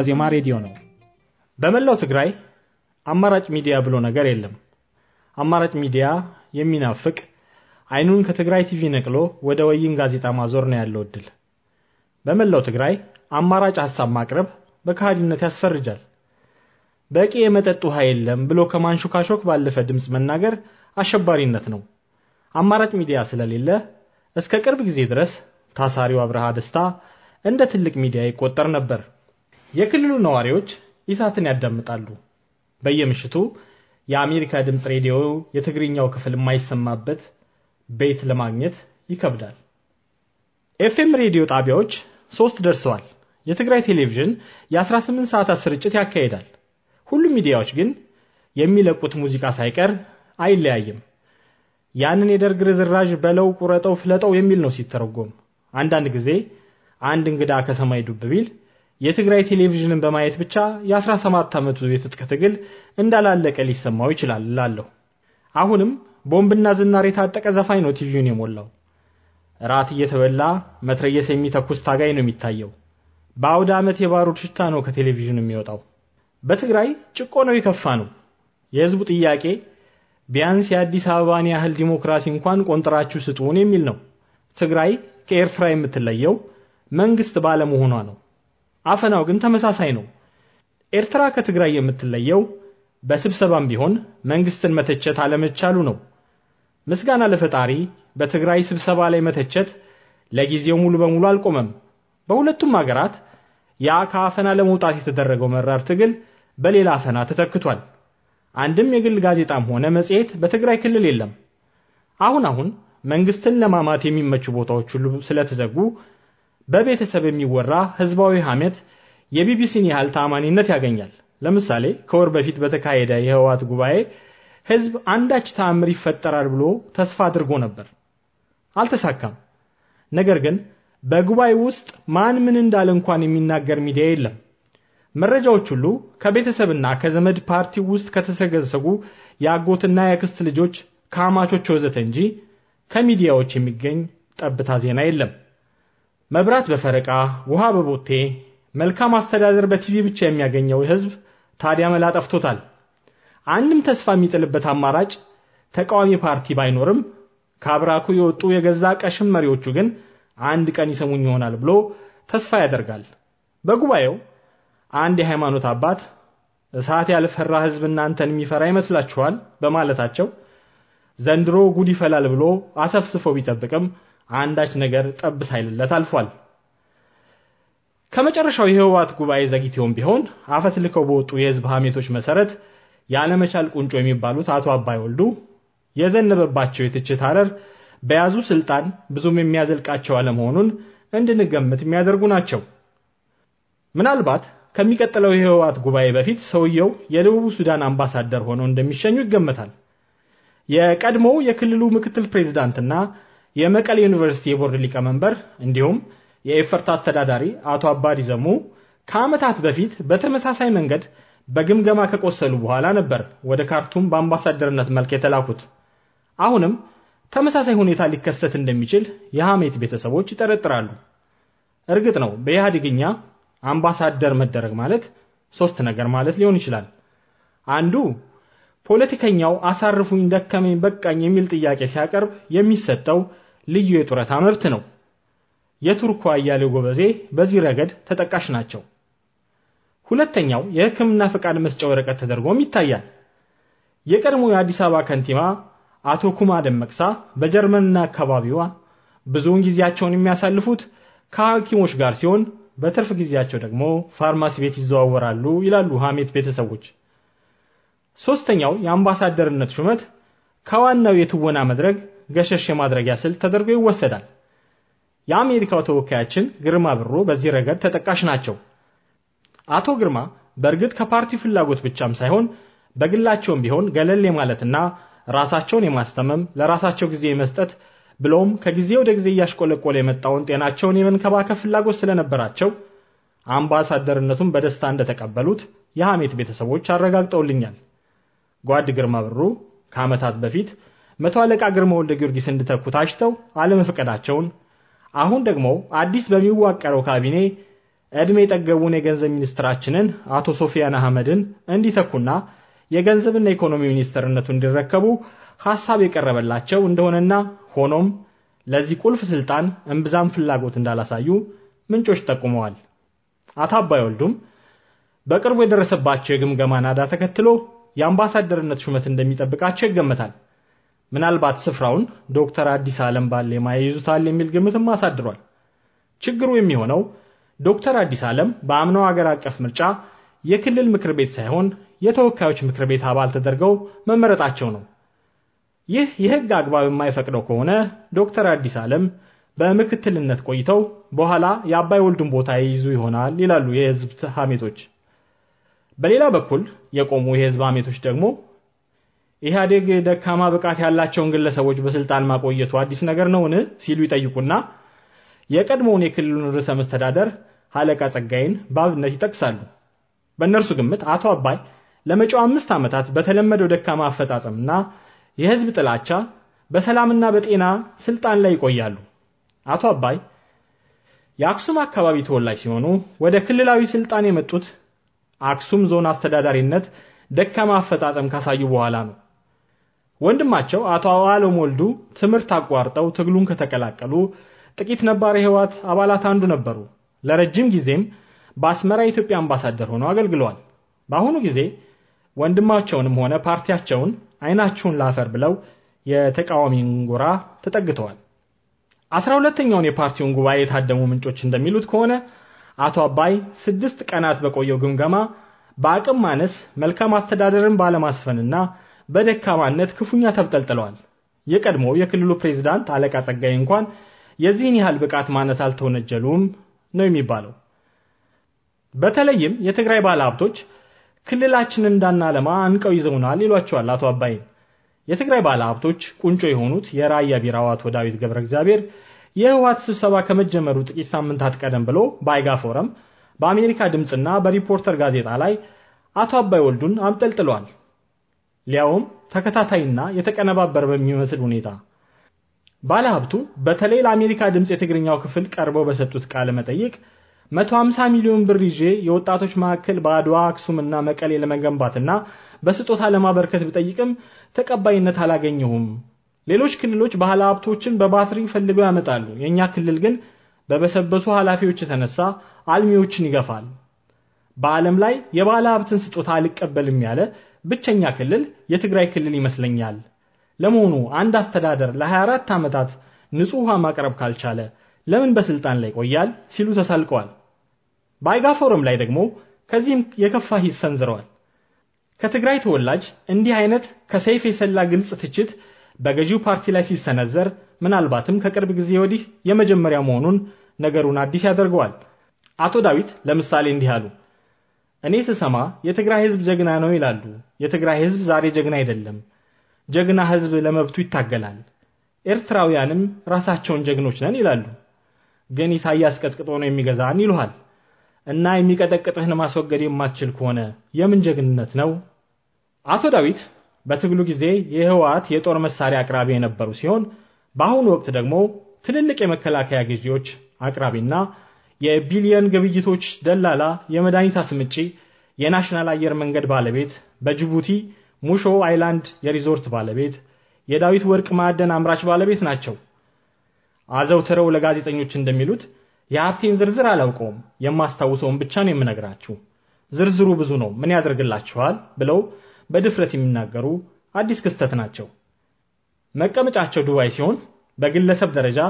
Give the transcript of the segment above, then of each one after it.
ዋዜማ ሬዲዮ ነው። በመላው ትግራይ አማራጭ ሚዲያ ብሎ ነገር የለም። አማራጭ ሚዲያ የሚናፍቅ አይኑን ከትግራይ ቲቪ ነቅሎ ወደ ወይን ጋዜጣ ማዞር ነው ያለው እድል። በመላው ትግራይ አማራጭ ሀሳብ ማቅረብ በከሃዲነት ያስፈርጃል። በቂ የመጠጥ ውሃ የለም ብሎ ከማንሹካሾክ ባለፈ ድምፅ መናገር አሸባሪነት ነው። አማራጭ ሚዲያ ስለሌለ እስከ ቅርብ ጊዜ ድረስ ታሳሪው አብርሃ ደስታ እንደ ትልቅ ሚዲያ ይቆጠር ነበር። የክልሉ ነዋሪዎች ኢሳትን ያዳምጣሉ። በየምሽቱ የአሜሪካ ድምፅ ሬዲዮ የትግርኛው ክፍል የማይሰማበት ቤት ለማግኘት ይከብዳል። ኤፍኤም ሬዲዮ ጣቢያዎች ሶስት ደርሰዋል። የትግራይ ቴሌቪዥን የ18 ሰዓታት ስርጭት ያካሄዳል። ሁሉም ሚዲያዎች ግን የሚለቁት ሙዚቃ ሳይቀር አይለያይም። ያንን የደርግ ርዝራዥ በለው ቁረጠው፣ ፍለጠው የሚል ነው ሲተረጎም። አንዳንድ ጊዜ አንድ እንግዳ ከሰማይ ዱብ ቢል የትግራይ ቴሌቪዥንን በማየት ብቻ የ17 ዓመቱ የትጥቅ ትግል እንዳላለቀ ሊሰማው ይችላል እላለሁ። አሁንም ቦምብና ዝናር የታጠቀ ዘፋኝ ነው ቲቪውን የሞላው። ራት እየተበላ መትረየስ የሚተኩስ ታጋይ ነው የሚታየው። በአውደ ዓመት የባሩድ ሽታ ነው ከቴሌቪዥን የሚወጣው። በትግራይ ጭቆ ነው የከፋ ነው። የህዝቡ ጥያቄ ቢያንስ የአዲስ አበባን ያህል ዲሞክራሲ እንኳን ቆንጥራችሁ ስጡን የሚል ነው። ትግራይ ከኤርትራ የምትለየው መንግስት ባለመሆኗ ነው። አፈናው ግን ተመሳሳይ ነው። ኤርትራ ከትግራይ የምትለየው በስብሰባም ቢሆን መንግስትን መተቸት አለመቻሉ ነው። ምስጋና ለፈጣሪ በትግራይ ስብሰባ ላይ መተቸት ለጊዜው ሙሉ በሙሉ አልቆመም። በሁለቱም አገራት ያ ከአፈና ለመውጣት የተደረገው መራር ትግል በሌላ አፈና ተተክቷል። አንድም የግል ጋዜጣም ሆነ መጽሔት በትግራይ ክልል የለም። አሁን አሁን መንግስትን ለማማት የሚመቹ ቦታዎች ሁሉ ስለተዘጉ በቤተሰብ የሚወራ ህዝባዊ ሐሜት የቢቢሲን ያህል ታማኒነት ያገኛል። ለምሳሌ ከወር በፊት በተካሄደ የህወሓት ጉባኤ ህዝብ አንዳች ተአምር ይፈጠራል ብሎ ተስፋ አድርጎ ነበር። አልተሳካም። ነገር ግን በጉባኤ ውስጥ ማን ምን እንዳለ እንኳን የሚናገር ሚዲያ የለም። መረጃዎች ሁሉ ከቤተሰብና ከዘመድ ፓርቲ ውስጥ ከተሰገሰጉ የአጎትና የክስት ልጆች፣ ከአማቾች ወዘተ እንጂ ከሚዲያዎች የሚገኝ ጠብታ ዜና የለም። መብራት በፈረቃ ውሃ በቦቴ መልካም አስተዳደር በቲቪ ብቻ የሚያገኘው ህዝብ ታዲያ መላ ጠፍቶታል። አንድም ተስፋ የሚጥልበት አማራጭ ተቃዋሚ ፓርቲ ባይኖርም ከአብራኩ የወጡ የገዛ ቀሽም መሪዎቹ ግን አንድ ቀን ይሰሙኝ ይሆናል ብሎ ተስፋ ያደርጋል። በጉባኤው አንድ የሃይማኖት አባት እሳት ያልፈራ ህዝብ እናንተን የሚፈራ ይመስላችኋል በማለታቸው ዘንድሮ ጉድ ይፈላል ብሎ አሰፍስፎ ቢጠብቅም አንዳች ነገር ጠብ ሳይልለት አልፏል። ከመጨረሻው የህወሓት ጉባኤ ዘግይቶም ቢሆን አፈት ልከው በወጡ የህዝብ ሀሜቶች መሰረት ያለመቻል ቁንጮ የሚባሉት አቶ አባይ ወልዱ የዘነበባቸው የትችት ሐረር በያዙ ስልጣን ብዙም የሚያዘልቃቸው አለመሆኑን እንድንገምት የሚያደርጉ ናቸው። ምናልባት ከሚቀጥለው የህወሓት ጉባኤ በፊት ሰውየው የደቡብ ሱዳን አምባሳደር ሆነው እንደሚሸኙ ይገመታል። የቀድሞው የክልሉ ምክትል ፕሬዝዳንትና የመቀሌ ዩኒቨርሲቲ የቦርድ ሊቀመንበር እንዲሁም የኤፈርት አስተዳዳሪ አቶ አባዲ ዘሙ ከዓመታት በፊት በተመሳሳይ መንገድ በግምገማ ከቆሰሉ በኋላ ነበር ወደ ካርቱም በአምባሳደርነት መልክ የተላኩት። አሁንም ተመሳሳይ ሁኔታ ሊከሰት እንደሚችል የሐሜት ቤተሰቦች ይጠረጥራሉ። እርግጥ ነው በኢህአዴግኛ አምባሳደር መደረግ ማለት ሶስት ነገር ማለት ሊሆን ይችላል። አንዱ ፖለቲከኛው አሳርፉኝ፣ ደከመኝ፣ በቃኝ የሚል ጥያቄ ሲያቀርብ የሚሰጠው ልዩ የጡረታ መብት ነው። የቱርኩ አያሌው ጎበዜ በዚህ ረገድ ተጠቃሽ ናቸው። ሁለተኛው የሕክምና ፈቃድ መስጫ ወረቀት ተደርጎም ይታያል። የቀድሞ የአዲስ አበባ ከንቲባ አቶ ኩማ ደመቅሳ በጀርመንና አካባቢዋ ብዙውን ጊዜያቸውን የሚያሳልፉት ከሐኪሞች ጋር ሲሆን በትርፍ ጊዜያቸው ደግሞ ፋርማሲ ቤት ይዘዋወራሉ ይላሉ ሐሜት ቤተሰቦች። ሶስተኛው የአምባሳደርነት ሹመት ከዋናው የትወና መድረክ ገሸሽ የማድረጊያ ስልት ተደርጎ ይወሰዳል። የአሜሪካው ተወካያችን ግርማ ብሩ በዚህ ረገድ ተጠቃሽ ናቸው። አቶ ግርማ በእርግጥ ከፓርቲ ፍላጎት ብቻም ሳይሆን በግላቸውም ቢሆን ገለል የማለትና ራሳቸውን የማስተመም ለራሳቸው ጊዜ የመስጠት ብለውም ከጊዜ ወደ ጊዜ እያሽቆለቆለ የመጣውን ጤናቸውን የመንከባከብ ፍላጎት ስለነበራቸው አምባሳደርነቱን በደስታ እንደተቀበሉት የሐሜት ቤተሰቦች አረጋግጠውልኛል። ጓድ ግርማ ብሩ ከዓመታት በፊት መቶ አለቃ ግርማ ወልደ ጊዮርጊስ እንዲተኩ ታጭተው አለመፍቀዳቸውን አሁን ደግሞ አዲስ በሚዋቀረው ካቢኔ ዕድሜ የጠገቡን የገንዘብ ሚኒስትራችንን አቶ ሶፊያን አህመድን እንዲተኩና የገንዘብና ኢኮኖሚ ሚኒስትርነቱ እንዲረከቡ ሐሳብ የቀረበላቸው እንደሆነና ሆኖም ለዚህ ቁልፍ ስልጣን እምብዛም ፍላጎት እንዳላሳዩ ምንጮች ጠቁመዋል። አቶ አባይ ወልዱም በቅርቡ የደረሰባቸው የግምገማ ናዳ ተከትሎ የአምባሳደርነት ሹመት እንደሚጠብቃቸው ይገመታል። ምናልባት ስፍራውን ዶክተር አዲስ ዓለም ባሌማ ማያይዙታል የሚል ግምትም አሳድሯል። ችግሩ የሚሆነው ዶክተር አዲስ ዓለም በአምናው አገር አቀፍ ምርጫ የክልል ምክር ቤት ሳይሆን የተወካዮች ምክር ቤት አባል ተደርገው መመረጣቸው ነው። ይህ የህግ አግባብ የማይፈቅደው ከሆነ ዶክተር አዲስ ዓለም በምክትልነት ቆይተው በኋላ የአባይ ወልዱን ቦታ ይይዙ ይሆናል ይላሉ የህዝብ ሐሜቶች። በሌላ በኩል የቆሙ የህዝብ ሐሜቶች ደግሞ ኢህአዴግ ደካማ ብቃት ያላቸውን ግለሰቦች በስልጣን ማቆየቱ አዲስ ነገር ነውን ሲሉ ይጠይቁና የቀድሞውን የክልሉን ርዕሰ መስተዳደር አለቃ ጸጋይን በአብነት ይጠቅሳሉ። በእነርሱ ግምት አቶ አባይ ለመጪው አምስት ዓመታት በተለመደው ደካማ አፈጻጸምና የህዝብ ጥላቻ በሰላምና በጤና ስልጣን ላይ ይቆያሉ። አቶ አባይ የአክሱም አካባቢ ተወላጅ ሲሆኑ ወደ ክልላዊ ስልጣን የመጡት አክሱም ዞን አስተዳዳሪነት ደካማ አፈጻጸም ካሳዩ በኋላ ነው። ወንድማቸው አቶ አለም ወልዱ ትምህርት አቋርጠው ትግሉን ከተቀላቀሉ ጥቂት ነባር የህወሓት አባላት አንዱ ነበሩ። ለረጅም ጊዜም በአስመራ የኢትዮጵያ አምባሳደር ሆነው አገልግለዋል። በአሁኑ ጊዜ ወንድማቸውንም ሆነ ፓርቲያቸውን አይናችሁን ላፈር ብለው የተቃዋሚ ጎራ ተጠግተዋል። አስራ ሁለተኛውን የፓርቲውን ጉባኤ የታደሙ ምንጮች እንደሚሉት ከሆነ አቶ አባይ ስድስት ቀናት በቆየው ግምገማ በአቅም ማነስ መልካም አስተዳደርን ባለማስፈንና በደካማነት ክፉኛ ተብጠልጥለዋል። የቀድሞው የክልሉ ፕሬዝዳንት አለቃ ጸጋይ እንኳን የዚህን ያህል ብቃት ማነስ አልተወነጀሉም ነው የሚባለው። በተለይም የትግራይ ባለ ሀብቶች ክልላችንን እንዳናለማ አንቀው ይዘውናል ይሏቸዋል አቶ አባይን። የትግራይ ባለ ሀብቶች ቁንጮ የሆኑት የራያ ቢራው አቶ ዳዊት ገብረ እግዚአብሔር የህወሀት ስብሰባ ከመጀመሩ ጥቂት ሳምንታት ቀደም ብሎ በአይጋ ፎረም በአሜሪካ ድምፅና በሪፖርተር ጋዜጣ ላይ አቶ አባይ ወልዱን አምጠልጥለዋል። ሊያውም ተከታታይና የተቀነባበረ በሚመስል ሁኔታ ባለሀብቱ በተለይ ለአሜሪካ ድምፅ የትግርኛው ክፍል ቀርበው በሰጡት ቃለ መጠይቅ 150 ሚሊዮን ብር ይዤ የወጣቶች ማዕከል በአድዋ አክሱምና መቀሌ ለመገንባትና በስጦታ ለማበርከት ብጠይቅም ተቀባይነት አላገኘሁም። ሌሎች ክልሎች ባለ ሀብቶችን በባትሪ ፈልገው ያመጣሉ። የእኛ ክልል ግን በበሰበሱ ኃላፊዎች የተነሳ አልሚዎችን ይገፋል። በዓለም ላይ የባለ ሀብትን ስጦታ አልቀበልም ያለ ብቸኛ ክልል የትግራይ ክልል ይመስለኛል። ለመሆኑ አንድ አስተዳደር ለ24 ዓመታት ንጹህ ውሃ ማቅረብ ካልቻለ ለምን በስልጣን ላይ ይቆያል ሲሉ ተሳልቀዋል። በአይጋ ፎረም ላይ ደግሞ ከዚህም የከፋ ሂስ ሰንዝረዋል። ከትግራይ ተወላጅ እንዲህ አይነት ከሰይፍ የሰላ ግልጽ ትችት በገዢው ፓርቲ ላይ ሲሰነዘር ምናልባትም ከቅርብ ጊዜ ወዲህ የመጀመሪያ መሆኑን ነገሩን አዲስ ያደርገዋል። አቶ ዳዊት ለምሳሌ እንዲህ አሉ። እኔ ስሰማ የትግራይ ህዝብ ጀግና ነው ይላሉ። የትግራይ ህዝብ ዛሬ ጀግና አይደለም። ጀግና ህዝብ ለመብቱ ይታገላል። ኤርትራውያንም ራሳቸውን ጀግኖች ነን ይላሉ። ግን ኢሳያስ ቀጥቅጦ ነው የሚገዛን ይሉሃል። እና የሚቀጠቅጥህን ማስወገድ የማትችል ከሆነ የምን ጀግንነት ነው? አቶ ዳዊት በትግሉ ጊዜ የህወሓት የጦር መሳሪያ አቅራቢ የነበሩ ሲሆን በአሁኑ ወቅት ደግሞ ትልልቅ የመከላከያ ግዢዎች አቅራቢና የቢሊየን ግብይቶች ደላላ፣ የመድኃኒት አስምጪ፣ የናሽናል አየር መንገድ ባለቤት፣ በጅቡቲ ሙሾ አይላንድ የሪዞርት ባለቤት፣ የዳዊት ወርቅ ማዕደን አምራች ባለቤት ናቸው። አዘውትረው ለጋዜጠኞች እንደሚሉት የሀብቴን ዝርዝር አላውቀውም፣ የማስታውሰውን ብቻ ነው የምነግራችሁ። ዝርዝሩ ብዙ ነው፣ ምን ያደርግላችኋል ብለው በድፍረት የሚናገሩ አዲስ ክስተት ናቸው። መቀመጫቸው ዱባይ ሲሆን በግለሰብ ደረጃ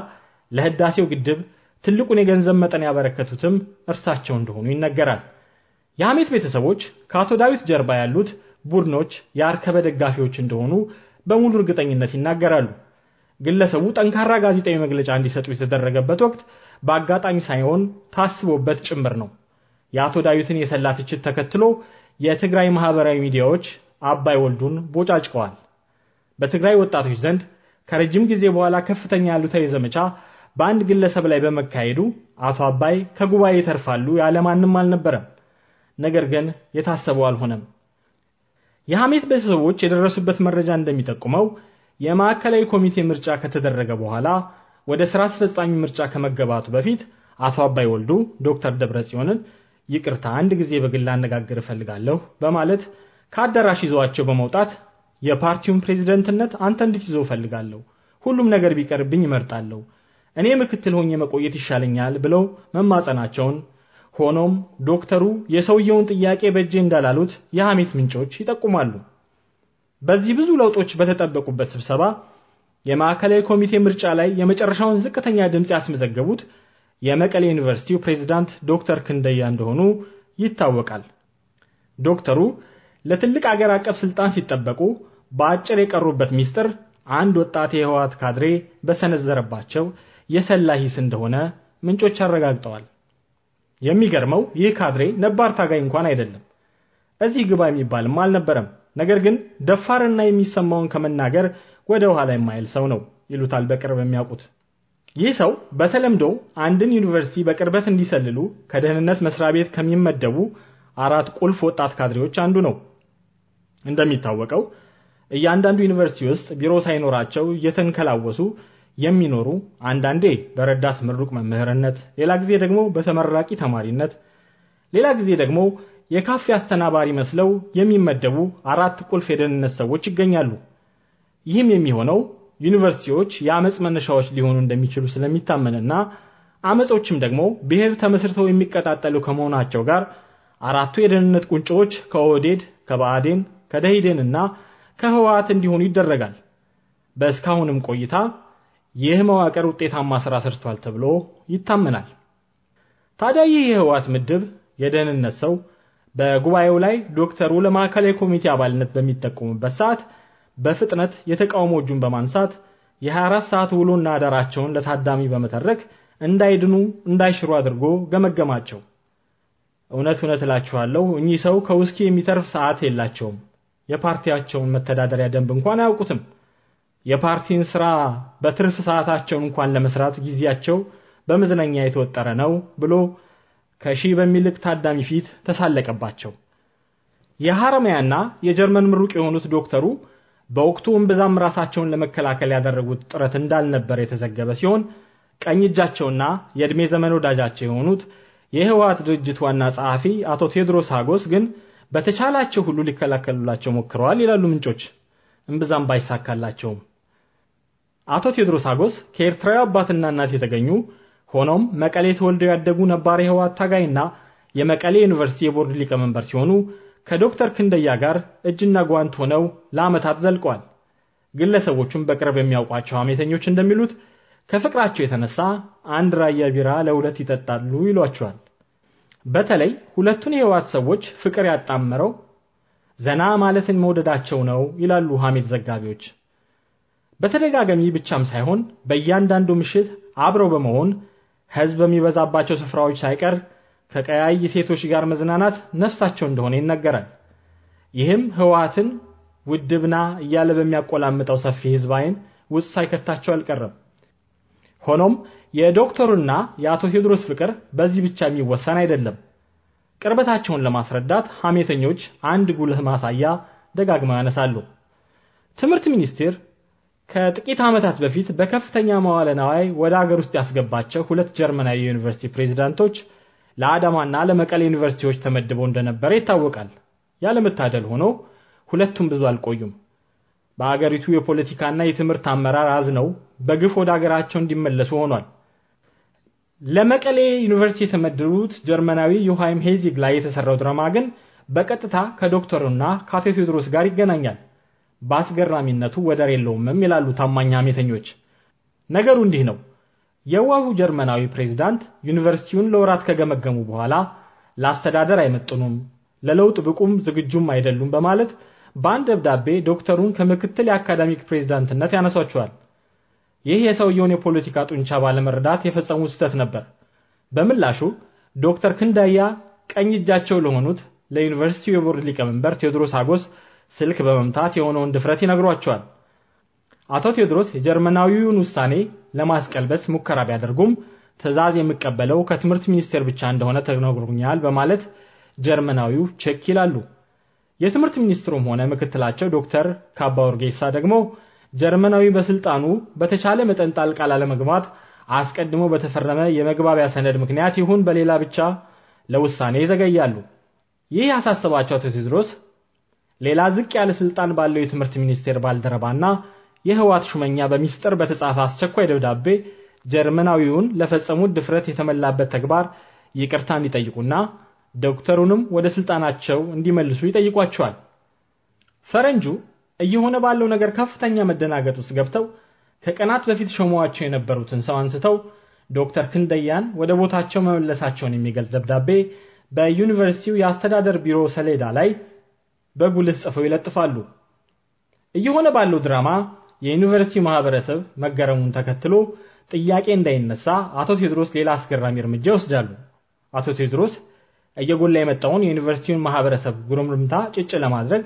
ለህዳሴው ግድብ ትልቁን የገንዘብ መጠን ያበረከቱትም እርሳቸው እንደሆኑ ይነገራል። የሐሜት ቤተሰቦች ከአቶ ዳዊት ጀርባ ያሉት ቡድኖች የአርከበ ደጋፊዎች እንደሆኑ በሙሉ እርግጠኝነት ይናገራሉ። ግለሰቡ ጠንካራ ጋዜጣዊ መግለጫ እንዲሰጡ የተደረገበት ወቅት በአጋጣሚ ሳይሆን ታስቦበት ጭምር ነው። የአቶ ዳዊትን የሰላ ትችት ተከትሎ የትግራይ ማህበራዊ ሚዲያዎች አባይ ወልዱን ቦጫጭቀዋል። በትግራይ ወጣቶች ዘንድ ከረጅም ጊዜ በኋላ ከፍተኛ ያሉታዊ ዘመቻ በአንድ ግለሰብ ላይ በመካሄዱ አቶ አባይ ከጉባኤ ይተርፋሉ ያለማንም አልነበረም። ነገር ግን የታሰበው አልሆነም። የሐሜት ቤተሰቦች የደረሱበት መረጃ እንደሚጠቁመው የማዕከላዊ ኮሚቴ ምርጫ ከተደረገ በኋላ ወደ ስራ አስፈጻሚ ምርጫ ከመገባቱ በፊት አቶ አባይ ወልዱ ዶክተር ደብረ ጽዮንን ይቅርታ አንድ ጊዜ በግል አነጋገር እፈልጋለሁ በማለት ከአዳራሽ ይዘዋቸው በመውጣት የፓርቲውን ፕሬዚደንትነት አንተ እንድትይዘው እፈልጋለሁ፣ ሁሉም ነገር ቢቀርብኝ ይመርጣለሁ እኔ ምክትል ሆኜ መቆየት ይሻለኛል ብለው መማጸናቸውን ሆኖም ዶክተሩ የሰውየውን ጥያቄ በእጄ እንዳላሉት የሐሜት ምንጮች ይጠቁማሉ። በዚህ ብዙ ለውጦች በተጠበቁበት ስብሰባ የማዕከላዊ ኮሚቴ ምርጫ ላይ የመጨረሻውን ዝቅተኛ ድምፅ ያስመዘገቡት የመቀሌ ዩኒቨርሲቲው ፕሬዝዳንት ዶክተር ክንደያ እንደሆኑ ይታወቃል። ዶክተሩ ለትልቅ አገር አቀፍ ስልጣን ሲጠበቁ በአጭር የቀሩበት ሚስጥር አንድ ወጣት የህወት ካድሬ በሰነዘረባቸው የሰላ ሂስ እንደሆነ ምንጮች አረጋግጠዋል። የሚገርመው ይህ ካድሬ ነባር ታጋይ እንኳን አይደለም። እዚህ ግባ የሚባልም አልነበረም። ነገር ግን ደፋርና የሚሰማውን ከመናገር ወደ ኋላ የማይል ሰው ነው ይሉታል በቅርብ የሚያውቁት። ይህ ሰው በተለምዶ አንድን ዩኒቨርሲቲ በቅርበት እንዲሰልሉ ከደህንነት መስሪያ ቤት ከሚመደቡ አራት ቁልፍ ወጣት ካድሬዎች አንዱ ነው። እንደሚታወቀው እያንዳንዱ ዩኒቨርሲቲ ውስጥ ቢሮ ሳይኖራቸው እየተንከላወሱ የሚኖሩ አንዳንዴ በረዳት ምሩቅ መምህርነት፣ ሌላ ጊዜ ደግሞ በተመራቂ ተማሪነት፣ ሌላ ጊዜ ደግሞ የካፌ አስተናባሪ መስለው የሚመደቡ አራት ቁልፍ የደህንነት ሰዎች ይገኛሉ። ይህም የሚሆነው ዩኒቨርሲቲዎች የአመፅ መነሻዎች ሊሆኑ እንደሚችሉ ስለሚታመንና አመጾችም ደግሞ ብሔር ተመስርተው የሚቀጣጠሉ ከመሆናቸው ጋር አራቱ የደህንነት ቁንጮዎች ከኦህዴድ፣ ከደሂዴን እና ከህወሓት እንዲሆኑ ይደረጋል። በእስካሁንም ቆይታ ይህ መዋቅር ውጤታማ ስራ ሰርቷል ተብሎ ይታመናል። ታዲያ ይህ የህወሓት ምድብ የደህንነት ሰው በጉባኤው ላይ ዶክተሩ ለማዕከላዊ ኮሚቴ አባልነት በሚጠቆሙበት ሰዓት በፍጥነት የተቃውሞ እጁን በማንሳት የ24 ሰዓት ውሎና አዳራቸውን ለታዳሚ በመተረክ እንዳይድኑ እንዳይሽሩ አድርጎ ገመገማቸው። እውነት እውነት እላችኋለሁ እኚህ ሰው ከውስኪ የሚተርፍ ሰዓት የላቸውም። የፓርቲያቸውን መተዳደሪያ ደንብ እንኳን አያውቁትም። የፓርቲን ስራ በትርፍ ሰዓታቸው እንኳን ለመስራት ጊዜያቸው በመዝናኛ የተወጠረ ነው ብሎ ከሺህ በሚልቅ ታዳሚ ፊት ተሳለቀባቸው። የሐረማያና የጀርመን ምሩቅ የሆኑት ዶክተሩ በወቅቱ እምብዛም ራሳቸውን ለመከላከል ያደረጉት ጥረት እንዳልነበር የተዘገበ ሲሆን ቀኝ እጃቸውና የዕድሜ ዘመን ወዳጃቸው የሆኑት የህወሓት ድርጅት ዋና ጸሐፊ አቶ ቴዎድሮስ ሀጎስ ግን በተቻላቸው ሁሉ ሊከላከሉላቸው ሞክረዋል ይላሉ ምንጮች። እምብዛም ባይሳካላቸውም አቶ ቴዎድሮስ አጎስ ከኤርትራዊ አባትና እናት የተገኙ ሆኖም መቀሌ ተወልደው ያደጉ ነባር የህወሓት ታጋይና የመቀሌ ዩኒቨርሲቲ የቦርድ ሊቀመንበር ሲሆኑ ከዶክተር ክንደያ ጋር እጅና ጓንት ሆነው ለዓመታት ዘልቋል። ግለሰቦቹም በቅርብ የሚያውቋቸው ሐሜተኞች እንደሚሉት ከፍቅራቸው የተነሳ አንድ ራያ ቢራ ለሁለት ይጠጣሉ ይሏቸዋል። በተለይ ሁለቱን የህወሓት ሰዎች ፍቅር ያጣመረው ዘና ማለትን መውደዳቸው ነው ይላሉ ሐሜት ዘጋቢዎች። በተደጋጋሚ ብቻም ሳይሆን በእያንዳንዱ ምሽት አብረው በመሆን ህዝብ በሚበዛባቸው ስፍራዎች ሳይቀር ከቀያይ ሴቶች ጋር መዝናናት ነፍሳቸው እንደሆነ ይነገራል። ይህም ህወሓትን ውድብና እያለ በሚያቆላምጠው ሰፊ ህዝብ አይን ውስጥ ሳይከታቸው አልቀረም። ሆኖም የዶክተሩና የአቶ ቴዎድሮስ ፍቅር በዚህ ብቻ የሚወሰን አይደለም። ቅርበታቸውን ለማስረዳት ሐሜተኞች አንድ ጉልህ ማሳያ ደጋግመው ያነሳሉ። ትምህርት ሚኒስቴር ከጥቂት ዓመታት በፊት በከፍተኛ መዋለ ነዋይ ወደ አገር ውስጥ ያስገባቸው ሁለት ጀርመናዊ ዩኒቨርሲቲ ፕሬዚዳንቶች ለአዳማና ለመቀሌ ዩኒቨርሲቲዎች ተመድበው እንደነበረ ይታወቃል። ያለመታደል ሆኖ ሁለቱም ብዙ አልቆዩም። በአገሪቱ የፖለቲካና የትምህርት አመራር አዝነው በግፍ ወደ አገራቸው እንዲመለሱ ሆኗል። ለመቀሌ ዩኒቨርሲቲ የተመደቡት ጀርመናዊ ዮሃይም ሄዚግ ላይ የተሰራው ድራማ ግን በቀጥታ ከዶክተሩና ከአቶ ቴዎድሮስ ጋር ይገናኛል። በአስገራሚነቱ ወደር የለውምም ይላሉ ታማኝ አሜተኞች ነገሩ እንዲህ ነው። የዋሁ ጀርመናዊ ፕሬዝዳንት ዩኒቨርሲቲውን ለወራት ከገመገሙ በኋላ ለአስተዳደር አይመጥኑም፣ ለለውጥ ብቁም ዝግጁም አይደሉም በማለት በአንድ ደብዳቤ ዶክተሩን ከምክትል የአካዳሚክ ፕሬዝዳንትነት ያነሷቸዋል። ይህ የሰውየውን የፖለቲካ ጡንቻ ባለመረዳት የፈጸሙ ስህተት ነበር። በምላሹ ዶክተር ክንዳያ ቀኝ እጃቸው ለሆኑት ለዩኒቨርሲቲው የቦርድ ሊቀመንበር ቴዎድሮስ አጎስ ስልክ በመምታት የሆነውን ድፍረት ይነግሯቸዋል። አቶ ቴዎድሮስ የጀርመናዊውን ውሳኔ ለማስቀልበስ ሙከራ ቢያደርጉም ትዕዛዝ የምቀበለው ከትምህርት ሚኒስቴር ብቻ እንደሆነ ተነግሮኛል በማለት ጀርመናዊው ቼክ ይላሉ። የትምህርት ሚኒስትሩም ሆነ ምክትላቸው ዶክተር ካባ ኦርጌሳ ደግሞ ጀርመናዊ በስልጣኑ በተቻለ መጠን ጣልቃ ላለመግባት አስቀድሞ በተፈረመ የመግባቢያ ሰነድ ምክንያት ይሁን በሌላ ብቻ ለውሳኔ ይዘገያሉ። ይህ ያሳሰባቸው አቶ ቴዎድሮስ ሌላ ዝቅ ያለ ስልጣን ባለው የትምህርት ሚኒስቴር ባልደረባና የህዋት ሹመኛ በሚስጥር በተጻፈ አስቸኳይ ደብዳቤ ጀርመናዊውን ለፈጸሙት ድፍረት የተመላበት ተግባር ይቅርታ እንዲጠይቁና ዶክተሩንም ወደ ስልጣናቸው እንዲመልሱ ይጠይቋቸዋል። ፈረንጁ እየሆነ ባለው ነገር ከፍተኛ መደናገጥ ውስጥ ገብተው ከቀናት በፊት ሾመዋቸው የነበሩትን ሰው አንስተው ዶክተር ክንደያን ወደ ቦታቸው መመለሳቸውን የሚገልጽ ደብዳቤ በዩኒቨርሲቲው የአስተዳደር ቢሮ ሰሌዳ ላይ በጉልህ ጽፈው ይለጥፋሉ። እየሆነ ባለው ድራማ የዩኒቨርሲቲው ማህበረሰብ መገረሙን ተከትሎ ጥያቄ እንዳይነሳ አቶ ቴዎድሮስ ሌላ አስገራሚ እርምጃ ይወስዳሉ። አቶ ቴዎድሮስ እየጎላ የመጣውን የዩኒቨርሲቲውን ማህበረሰብ ጉርምርምታ ጭጭ ለማድረግ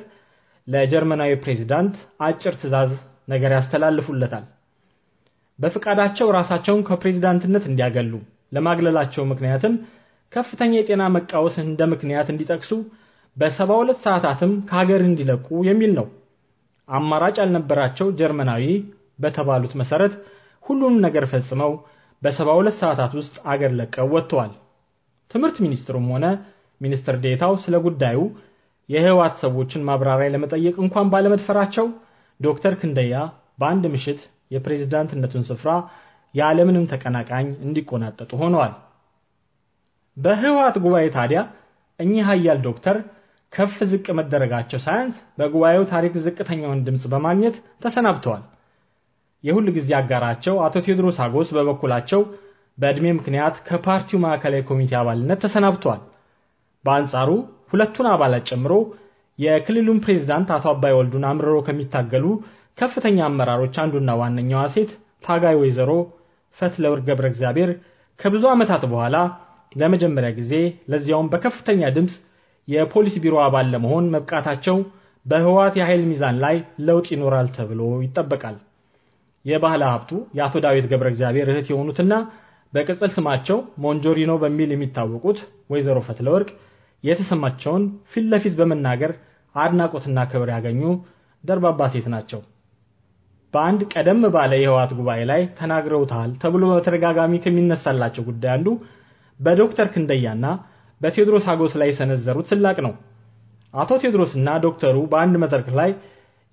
ለጀርመናዊ ፕሬዚዳንት አጭር ትዕዛዝ ነገር ያስተላልፉለታል። በፍቃዳቸው ራሳቸውን ከፕሬዚዳንትነት እንዲያገሉ፣ ለማግለላቸው ምክንያትም ከፍተኛ የጤና መቃወስ እንደ ምክንያት እንዲጠቅሱ በሰባ ሁለት ሰዓታትም ከሀገር እንዲለቁ የሚል ነው። አማራጭ ያልነበራቸው ጀርመናዊ በተባሉት መሰረት ሁሉንም ነገር ፈጽመው በሰባ ሁለት ሰዓታት ውስጥ አገር ለቀው ወጥተዋል። ትምህርት ሚኒስትሩም ሆነ ሚኒስትር ዴታው ስለ ጉዳዩ የህወሓት ሰዎችን ማብራሪያ ለመጠየቅ እንኳን ባለመድፈራቸው ዶክተር ክንደያ በአንድ ምሽት የፕሬዝዳንትነቱን ስፍራ ያለምንም ተቀናቃኝ እንዲቆናጠጡ ሆነዋል። በህወሓት ጉባኤ ታዲያ እኚህ ሀያል ዶክተር ከፍ ዝቅ መደረጋቸው ሳያንስ በጉባኤው ታሪክ ዝቅተኛውን ድምፅ በማግኘት ተሰናብተዋል። የሁል ጊዜ አጋራቸው አቶ ቴዎድሮስ አጎስ በበኩላቸው በዕድሜ ምክንያት ከፓርቲው ማዕከላዊ ኮሚቴ አባልነት ተሰናብተዋል። በአንጻሩ ሁለቱን አባላት ጨምሮ የክልሉን ፕሬዝዳንት አቶ አባይ ወልዱን አምርሮ ከሚታገሉ ከፍተኛ አመራሮች አንዱና ዋነኛዋ ሴት ታጋይ ወይዘሮ ፈትለወርቅ ገብረ እግዚአብሔር ከብዙ ዓመታት በኋላ ለመጀመሪያ ጊዜ ለዚያውም በከፍተኛ ድምፅ የፖሊስ ቢሮ አባል ለመሆን መብቃታቸው በህወሓት የኃይል ሚዛን ላይ ለውጥ ይኖራል ተብሎ ይጠበቃል። የባህል ሀብቱ የአቶ ዳዊት ገብረ እግዚአብሔር እህት የሆኑትና በቅጽል ስማቸው ሞንጆሪኖ በሚል የሚታወቁት ወይዘሮ ፈትለወርቅ የተሰማቸውን ፊት ለፊት በመናገር አድናቆትና ክብር ያገኙ ደርባባ ሴት ናቸው። በአንድ ቀደም ባለ የህወሓት ጉባኤ ላይ ተናግረውታል ተብሎ በተደጋጋሚ ከሚነሳላቸው ጉዳይ አንዱ በዶክተር ክንደያና በቴዎድሮስ አጎስ ላይ የሰነዘሩት ስላቅ ነው። አቶ ቴዎድሮስና ዶክተሩ በአንድ መድረክ ላይ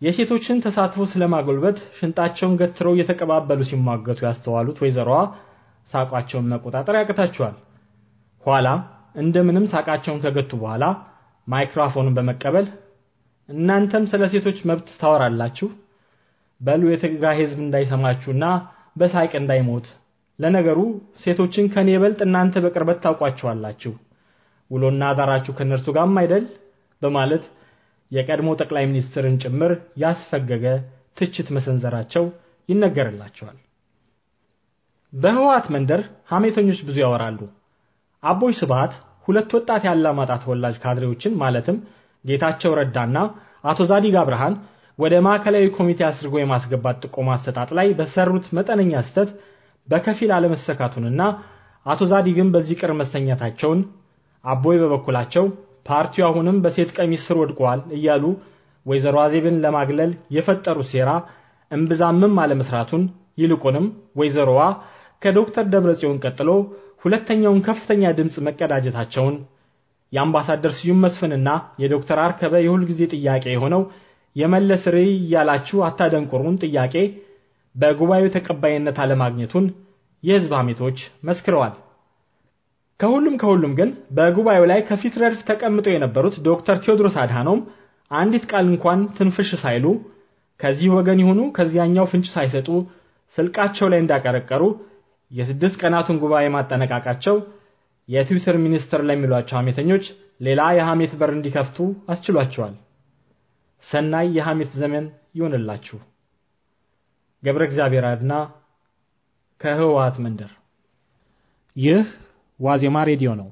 የሴቶችን ተሳትፎ ስለማጎልበት ሽንጣቸውን ገትረው እየተቀባበሉ ሲሟገቱ ያስተዋሉት ወይዘሮዋ ሳቋቸውን መቆጣጠር ያቅታቸዋል። ኋላ እንደምንም ሳቃቸውን ከገቱ በኋላ ማይክሮፎኑን በመቀበል እናንተም ስለ ሴቶች መብት ታወራላችሁ፣ በሉ የትግራይ ህዝብ እንዳይሰማችሁና በሳቅ እንዳይሞት፣ ለነገሩ ሴቶችን ከኔ ይበልጥ እናንተ በቅርበት ታውቋቸዋላችሁ ውሎና አዳራችሁ ከእነርሱ ጋርም አይደል በማለት የቀድሞ ጠቅላይ ሚኒስትርን ጭምር ያስፈገገ ትችት መሰንዘራቸው ይነገርላቸዋል። በህወሓት መንደር ሐሜተኞች ብዙ ያወራሉ። አቦይ ስብሃት ሁለት ወጣት የአላማጣ ተወላጅ ካድሬዎችን ማለትም ጌታቸው ረዳና አቶ ዛዲግ አብርሃን ወደ ማዕከላዊ ኮሚቴ አስርጎ የማስገባት ጥቆማ አሰጣጥ ላይ በሰሩት መጠነኛ ስህተት በከፊል አለመሰካቱንና አቶ ዛዲግም በዚህ ቅር መስተኛታቸውን አቦይ በበኩላቸው ፓርቲው አሁንም በሴት ቀሚስ ስር ወድቋል እያሉ ወይዘሮ አዜብን ለማግለል የፈጠሩት ሴራ እምብዛምም አለመስራቱን ይልቁንም ወይዘሮዋ ከዶክተር ደብረጽዮን ቀጥሎ ሁለተኛውን ከፍተኛ ድምፅ መቀዳጀታቸውን የአምባሳደር ስዩም መስፍንና የዶክተር አርከበ የሁልጊዜ ጥያቄ የሆነው የመለስ ርዕይ እያላችሁ አታደንቁሩን ጥያቄ በጉባኤው ተቀባይነት አለማግኘቱን የሕዝብ ሐሜቶች መስክረዋል። ከሁሉም ከሁሉም ግን በጉባኤው ላይ ከፊት ረድፍ ተቀምጠው የነበሩት ዶክተር ቴዎድሮስ አድሃኖም አንዲት ቃል እንኳን ትንፍሽ ሳይሉ ከዚህ ወገን ይሁኑ ከዚያኛው ፍንጭ ሳይሰጡ ስልቃቸው ላይ እንዳቀረቀሩ የስድስት ቀናቱን ጉባኤ ማጠነቃቃቸው የትዊተር ሚኒስትር ለሚሏቸው ሐሜተኞች ሌላ የሐሜት በር እንዲከፍቱ አስችሏቸዋል። ሰናይ የሐሜት ዘመን ይሆንላችሁ። ገብረ እግዚአብሔር አድና ከህወሓት መንደር ይህ ዋዜማ ሬዲዮ ነው።